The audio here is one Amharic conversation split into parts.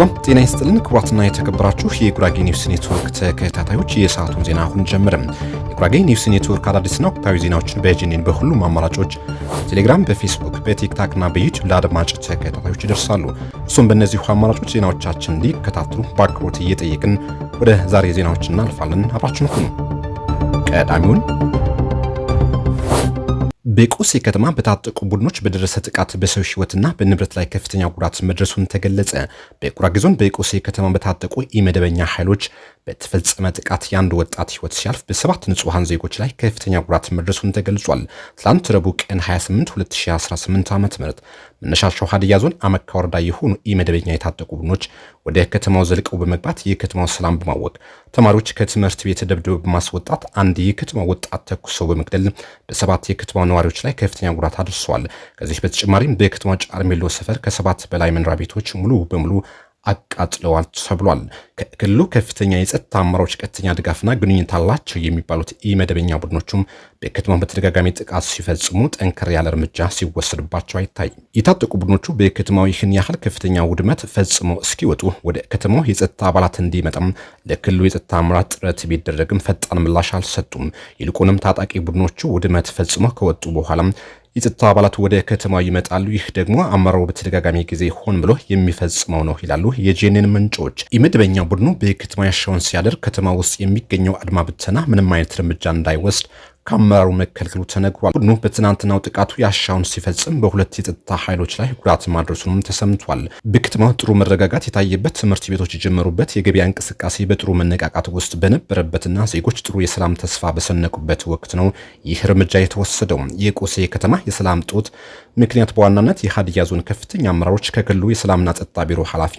ሰላም ጤና ይስጥልን ክቡራትና የተከበራችሁ የጉራጌ ኒውስ ኔትወርክ ተከታታዮች የሰዓቱን ዜና አሁን ጀምርም። የጉራጌ ኒውስ ኔትወርክ አዳዲስና ወቅታዊ ዜናዎችን በጄኔን በሁሉም አማራጮች በቴሌግራም፣ በፌስቡክ፣ በቲክታክ በቲክታክና በዩቲዩብ ለአድማጭ ተከታታዮች ይደርሳሉ። እሱም በእነዚሁ አማራጮች ዜናዎቻችን እንዲከታትሉ በአክብሮት እየጠየቅን ወደ ዛሬ ዜናዎች እናልፋለን። አብራችን ሁኑ። ቀዳሚውን በቆሴ ከተማ በታጠቁ ቡድኖች በደረሰ ጥቃት በሰው ሕይወትና በንብረት ላይ ከፍተኛ ጉዳት መድረሱን ተገለጸ። በጉራጌ ዞን በቆሴ ከተማ በታጠቁ ኢመደበኛ ኃይሎች በተፈጸመ ጥቃት የአንድ ወጣት ህይወት ሲያልፍ በሰባት ንጹሐን ዜጎች ላይ ከፍተኛ ጉዳት መድረሱን ተገልጿል። ትላንት ረቡዕ ቀን 28 2018 ዓ ም መነሻቸው ሀዲያ ዞን አመካ ወረዳ የሆኑ ኢመደበኛ የታጠቁ ቡድኖች ወደ ከተማው ዘልቀው በመግባት የከተማው ሰላም በማወቅ ተማሪዎች ከትምህርት ቤት ደብድበው በማስወጣት አንድ የከተማ ወጣት ተኩሰው በመግደል በሰባት የከተማው ነዋሪ ነዋሪዎች ላይ ከፍተኛ ጉዳት አድርሰዋል። ከዚህ በተጨማሪም በከተማ ጫርሜሎ ሰፈር ከሰባት በላይ መኖሪያ ቤቶች ሙሉ በሙሉ አቃጥለዋል ተብሏል። ከክልሉ ከፍተኛ የጸጥታ አመራሮች ቀጥተኛ ድጋፍና ግንኙነት አላቸው የሚባሉት ኢመደበኛ ቡድኖቹም በከተማው በተደጋጋሚ ጥቃት ሲፈጽሙ ጠንከር ያለ እርምጃ ሲወሰድባቸው አይታይም። የታጠቁ ቡድኖቹ በከተማው ይህን ያህል ከፍተኛ ውድመት ፈጽመው እስኪወጡ ወደ ከተማው የጸጥታ አባላት እንዲመጣም ለክልሉ የጸጥታ አመራር ጥረት ቢደረግም ፈጣን ምላሽ አልሰጡም። ይልቁንም ታጣቂ ቡድኖቹ ውድመት ፈጽመው ከወጡ በኋላ የጸጥታ አባላት ወደ ከተማው ይመጣሉ። ይህ ደግሞ አመራሩ በተደጋጋሚ ጊዜ ሆን ብሎ የሚፈጽመው ነው ይላሉ የጄኔን ምንጮች። የመደበኛ ቡድኑ በከተማው ያሻውን ሲያደርግ ከተማ ውስጥ የሚገኘው አድማ ብተና ምንም አይነት እርምጃ እንዳይወስድ ከአመራሩ መከልከሉ ተነግሯል። ቡድኑ በትናንትናው ጥቃቱ ያሻውን ሲፈጽም በሁለት የጸጥታ ኃይሎች ላይ ጉዳት ማድረሱንም ተሰምቷል። በከተማው ጥሩ መረጋጋት የታየበት ትምህርት ቤቶች የጀመሩበት የገበያ እንቅስቃሴ በጥሩ መነቃቃት ውስጥ በነበረበትና ዜጎች ጥሩ የሰላም ተስፋ በሰነቁበት ወቅት ነው ይህ እርምጃ የተወሰደው። የቆሴ ከተማ የሰላም ጦት ምክንያት በዋናነት የሀዲያ ዞን ከፍተኛ አመራሮች ከክልሉ የሰላምና ጸጥታ ቢሮ ኃላፊ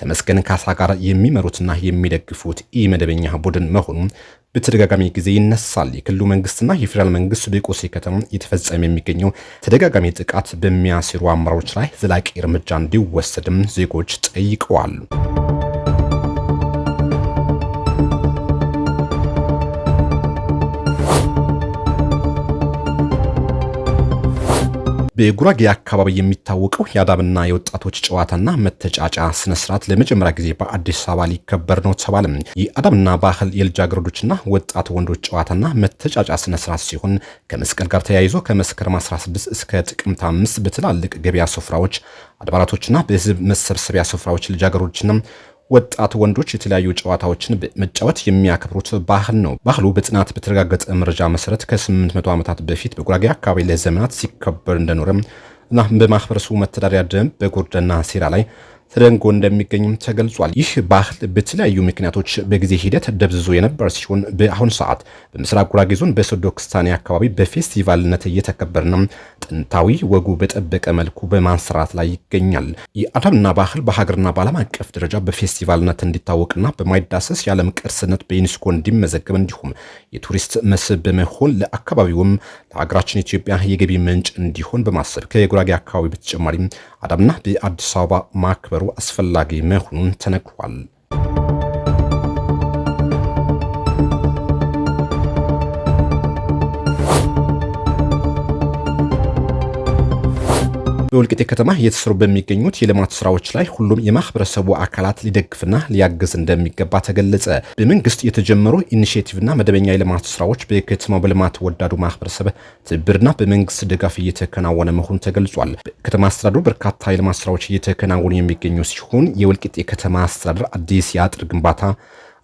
ተመስገን ካሳ ጋር የሚመሩትና የሚደግፉት ኢ መደበኛ ቡድን መሆኑን በተደጋጋሚ ጊዜ ይነሳል። የክልሉ መንግስትና የፌዴራል መንግስት በቆሴ ከተማ እየተፈጸመ የሚገኘው ተደጋጋሚ ጥቃት በሚያሲሩ አመራሮች ላይ ዘላቂ እርምጃ እንዲወሰድም ዜጎች ጠይቀዋል። በጉራጌ አካባቢ የሚታወቀው የአዳብና የወጣቶች ጨዋታና መተጫጫ ስነስርዓት ለመጀመሪያ ጊዜ በአዲስ አበባ ሊከበር ነው ተባለ። የአዳምና ባህል የልጃገረዶችና ወጣት ወንዶች ጨዋታና መተጫጫ ስነስርዓት ሲሆን ከመስቀል ጋር ተያይዞ ከመስከረም 16 እስከ ጥቅምት 5 በትላልቅ ገበያ ስፍራዎች፣ አድባራቶችና በህዝብ መሰብሰቢያ ስፍራዎች ልጃገረዶችና ወጣት ወንዶች የተለያዩ ጨዋታዎችን መጫወት የሚያከብሩት ባህል ነው። ባህሉ በጥናት በተረጋገጠ መረጃ መሰረት ከ800 ዓመታት በፊት በጉራጌ አካባቢ ለዘመናት ሲከበር እንደኖረም እና በማህበረሰቡ መተዳደሪያ ደንብ በጎርደና ሴራ ላይ ተደንጎ እንደሚገኝም ተገልጿል። ይህ ባህል በተለያዩ ምክንያቶች በጊዜ ሂደት ደብዝዞ የነበር ሲሆን በአሁኑ ሰዓት በምስራቅ ጉራጌ ዞን በሶዶክስታኔ አካባቢ በፌስቲቫልነት እየተከበረ ነው። ጥንታዊ ወጉ በጠበቀ መልኩ በማንሰራት ላይ ይገኛል። የአዳምና ባህል በሀገርና በዓለም አቀፍ ደረጃ በፌስቲቫልነት እንዲታወቅና በማይዳሰስ የዓለም ቅርስነት በዩኔስኮ እንዲመዘገብ እንዲሁም የቱሪስት መስህብ በመሆን ለአካባቢውም ለሀገራችን ኢትዮጵያ የገቢ ምንጭ እንዲሆን በማሰብ ከየጉራጌ አካባቢ በተጨማሪም አዳምና በአዲስ አበባ ማክበሩ አስፈላጊ መሆኑን ተነግሯል። በወልቂጤ ከተማ እየተሰሩ በሚገኙት የልማት ስራዎች ላይ ሁሉም የማህበረሰቡ አካላት ሊደግፍና ሊያግዝ እንደሚገባ ተገለጸ። በመንግስት የተጀመሩ ኢኒሽቲቭና መደበኛ የልማት ስራዎች በከተማው በልማት ወዳዱ ማህበረሰብ ትብብርና በመንግስት ድጋፍ እየተከናወነ መሆኑ ተገልጿል። በከተማ አስተዳደሩ በርካታ የልማት ስራዎች እየተከናወኑ የሚገኙ ሲሆን የወልቂጤ ከተማ አስተዳደር አዲስ የአጥር ግንባታ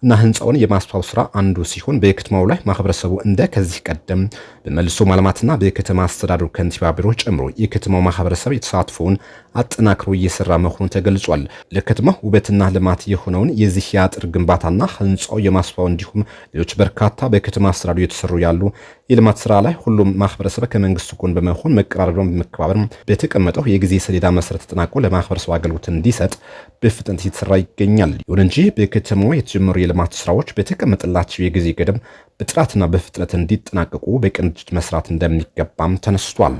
እና ህንፃውን የማስዋብ ስራ አንዱ ሲሆን በከተማው ላይ ማህበረሰቡ እንደ ከዚህ ቀደም በመልሶ ማልማትና በከተማ አስተዳደሩ ከንቲባ ቢሮ ጨምሮ የከተማው ማህበረሰብ የተሳትፎውን አጠናክሮ እየሰራ መሆኑ ተገልጿል። ለከተማ ውበትና ልማት የሆነውን የዚህ የአጥር ግንባታና ህንፃው የማስዋብ እንዲሁም ሌሎች በርካታ በከተማ አስተዳደሩ የተሰሩ ያሉ የልማት ስራ ላይ ሁሉም ማህበረሰብ ከመንግስት ጎን በመሆን መቀራረብን በመከባበር በተቀመጠው የጊዜ ሰሌዳ መሰረት ተጠናቆ ለማህበረሰቡ አገልግሎት እንዲሰጥ በፍጥነት እየተሰራ ይገኛል። ይሁን እንጂ በከተማው የተጀመሩ የልማት ስራዎች በተቀመጠላቸው የጊዜ ገደብ በጥራትና በፍጥነት እንዲጠናቀቁ በቅንጅት መስራት እንደሚገባም ተነስቷል።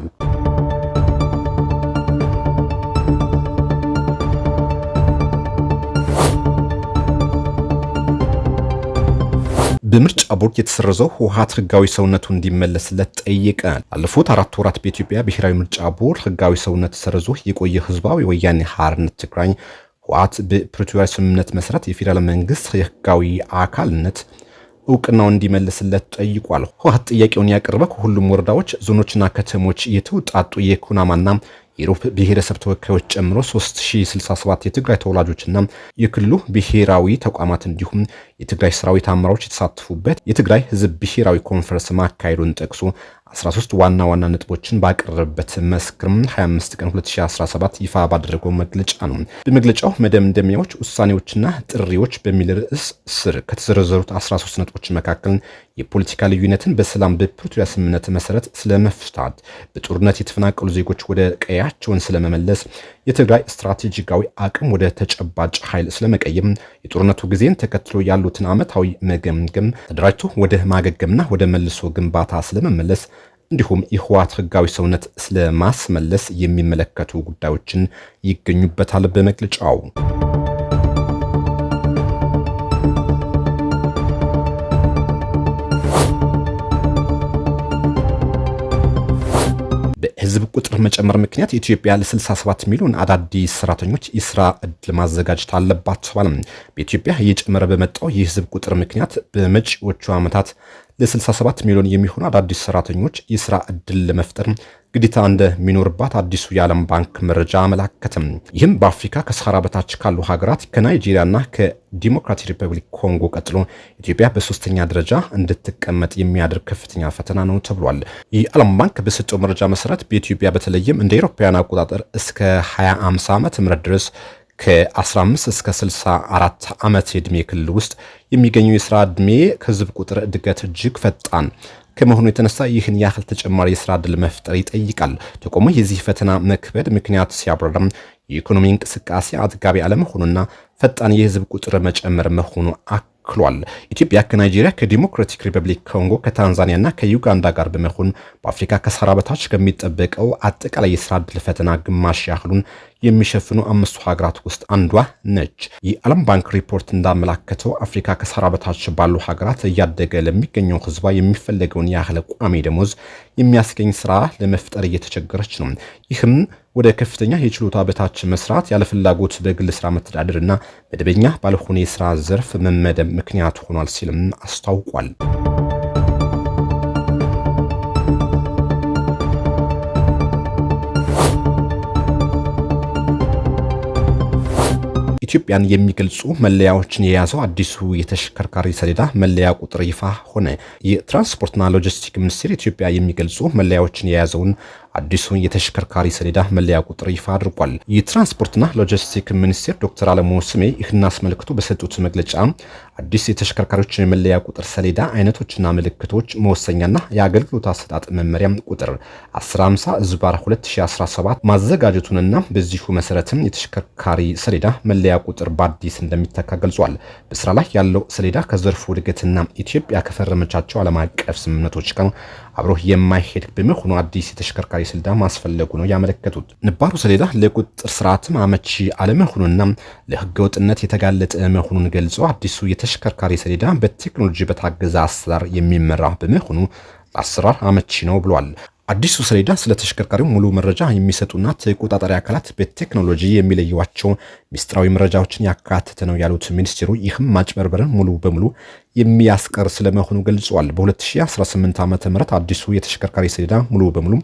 በምርጫ ቦርድ የተሰረዘው ህወሓት ህጋዊ ሰውነቱ እንዲመለስለት ጠየቀ። ላለፉት አራት ወራት በኢትዮጵያ ብሔራዊ ምርጫ ቦርድ ህጋዊ ሰውነት ተሰርዞ የቆየ ህዝባዊ ወያኔ ሓርነት ትግራይ ህወሓት በፕሪቶሪያ ስምምነት መሰረት የፌዴራል መንግስት የህጋዊ አካልነት እውቅናው እንዲመልስለት ጠይቋል። ህወሓት ጥያቄውን ያቀረበ ከሁሉም ወረዳዎች፣ ዞኖችና ከተሞች የተውጣጡ የኩናማና የሮብ ብሔረሰብ ተወካዮች ጨምሮ 3067 የትግራይ ተወላጆችና የክልሉ ብሔራዊ ተቋማት እንዲሁም የትግራይ ሰራዊት አመራሮች የተሳተፉበት የትግራይ ህዝብ ብሔራዊ ኮንፈረንስ ማካሄዱን ጠቅሶ 13 ዋና ዋና ነጥቦችን ባቀረበበት መስክርም 25 ቀን 2017 ይፋ ባደረገው መግለጫ ነው። በመግለጫው መደምደሚያዎች፣ ውሳኔዎችና ጥሪዎች በሚል ርዕስ ስር ከተዘረዘሩት 13 ነጥቦች መካከል የፖለቲካ ልዩነትን በሰላም በፕሪቶሪያ ስምምነት መሰረት ስለመፍታት፣ በጦርነት የተፈናቀሉ ዜጎች ወደ ቀያቸውን ስለመመለስ፣ የትግራይ ስትራቴጂካዊ አቅም ወደ ተጨባጭ ኃይል ስለመቀየም፣ የጦርነቱ ጊዜን ተከትሎ ያሉትን ዓመታዊ መገምገም፣ ተደራጅቶ ወደ ማገገምና ወደ መልሶ ግንባታ ስለመመለስ እንዲሁም የህወሓት ህጋዊ ሰውነት ስለማስመለስ የሚመለከቱ ጉዳዮችን ይገኙበታል በመግለጫው። ህዝብ ቁጥር መጨመር ምክንያት ኢትዮጵያ ለ67 ሚሊዮን አዳዲስ ሰራተኞች የስራ እድል ማዘጋጀት አለባቸዋል። በኢትዮጵያ እየጨመረ በመጣው የህዝብ ቁጥር ምክንያት በመጪዎቹ ዓመታት ለ67 ሚሊዮን የሚሆኑ አዳዲስ ሰራተኞች የስራ እድል ለመፍጠር ግዴታ እንደሚኖርባት አዲሱ የዓለም ባንክ መረጃ አመላከትም። ይህም በአፍሪካ ከሰሃራ በታች ካሉ ሀገራት ከናይጄሪያና ከዲሞክራቲክ ሪፐብሊክ ኮንጎ ቀጥሎ ኢትዮጵያ በሶስተኛ ደረጃ እንድትቀመጥ የሚያደርግ ከፍተኛ ፈተና ነው ተብሏል። የዓለም ባንክ በሰጠው መረጃ መሰረት በኢትዮጵያ በተለይም እንደ አውሮፓውያን አቆጣጠር እስከ 2050 ዓመት ምረት ድረስ ከ15 እስከ 64 ዓመት የዕድሜ ክልል ውስጥ የሚገኙ የስራ ዕድሜ ከህዝብ ቁጥር እድገት እጅግ ፈጣን ከመሆኑ የተነሳ ይህን ያህል ተጨማሪ የስራ ዕድል መፍጠር ይጠይቃል። ተቋሙ የዚህ ፈተና መክበድ ምክንያት ሲያብራራም የኢኮኖሚ እንቅስቃሴ አጥጋቢ አለመሆኑና ፈጣን የህዝብ ቁጥር መጨመር መሆኑ አክሏል። ኢትዮጵያ ከናይጄሪያ፣ ከዲሞክራቲክ ሪፐብሊክ ኮንጎ፣ ከታንዛኒያና ከዩጋንዳ ጋር በመሆን በአፍሪካ ከሰሃራ በታች ከሚጠበቀው አጠቃላይ የስራ ዕድል ፈተና ግማሽ ያህሉን የሚሸፍኑ አምስቱ ሀገራት ውስጥ አንዷ ነች። የዓለም ባንክ ሪፖርት እንዳመላከተው አፍሪካ ከሰሃራ በታች ባሉ ሀገራት እያደገ ለሚገኘው ህዝቧ የሚፈለገውን ያህል ቋሚ ደሞዝ የሚያስገኝ ስራ ለመፍጠር እየተቸገረች ነው። ይህም ወደ ከፍተኛ የችሎታ በታች መስራት፣ ያለፍላጎት በግል ስራ መተዳደርና መደበኛ ባልሆነ የስራ ዘርፍ መመደብ ምክንያት ሆኗል ሲልም አስታውቋል። ኢትዮጵያን የሚገልጹ መለያዎችን የያዘው አዲሱ የተሽከርካሪ ሰሌዳ መለያ ቁጥር ይፋ ሆነ። የትራንስፖርትና ሎጂስቲክ ሚኒስቴር ኢትዮጵያ የሚገልጹ መለያዎችን የያዘውን አዲሱ የተሽከርካሪ ሰሌዳ መለያ ቁጥር ይፋ አድርጓል። የትራንስፖርትና ሎጂስቲክ ሚኒስቴር ዶክተር አለሙ ስሜ ይህን አስመልክቶ በሰጡት መግለጫ አዲስ የተሽከርካሪዎችን የመለያ ቁጥር ሰሌዳ አይነቶችና ምልክቶች መወሰኛና የአገልግሎት አሰጣጥ መመሪያ ቁጥር 150 ዝባር 2017 ማዘጋጀቱንና በዚሁ መሰረትም የተሽከርካሪ ሰሌዳ መለያ ቁጥር በአዲስ እንደሚተካ ገልጿል። በስራ ላይ ያለው ሰሌዳ ከዘርፉ እድገትና ኢትዮጵያ ከፈረመቻቸው ዓለም አቀፍ ስምምነቶች ጋር አብሮህ የማይሄድ በመሆኑ አዲስ የተሽከርካሪ ስልዳ ማስፈለጉ ነው ያመለከቱት። ነባሩ ሰሌዳ ለቁጥጥር ስርዓትም አመቺ አለመሆኑና ለህገወጥነት የተጋለጠ መሆኑን ገልጾ አዲሱ የተሽከርካሪ ሰሌዳ በቴክኖሎጂ በታገዘ አሰራር የሚመራ በመሆኑ አሰራር አመቺ ነው ብሏል። አዲሱ ሰሌዳ ስለ ተሽከርካሪው ሙሉ መረጃ የሚሰጡና ተቆጣጣሪ አካላት በቴክኖሎጂ የሚለዩዋቸው ሚስጥራዊ መረጃዎችን ያካተተ ነው ያሉት ሚኒስትሩ ይህም ማጭበርበርን ሙሉ በሙሉ የሚያስቀር ስለመሆኑ ገልጿል። በ2018 ዓ ም አዲሱ የተሽከርካሪ ሰሌዳ ሙሉ በሙሉ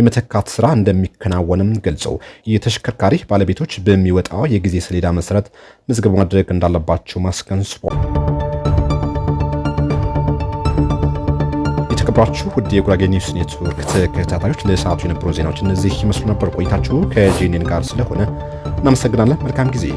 የመተካት ስራ እንደሚከናወንም ገልጸው የተሽከርካሪ ባለቤቶች በሚወጣው የጊዜ ሰሌዳ መሰረት ምዝገባ ማድረግ እንዳለባቸው ማስገንዝቧል። የተከበራችሁ ውድ የጉራጌ ኒውስ ኔትወርክ ተከታታዮች ለሰዓቱ የነበሩ ዜናዎች እነዚህ ይመስሉ ነበር። ቆይታችሁ ከጄኔን ጋር ስለሆነ እናመሰግናለን። መልካም ጊዜ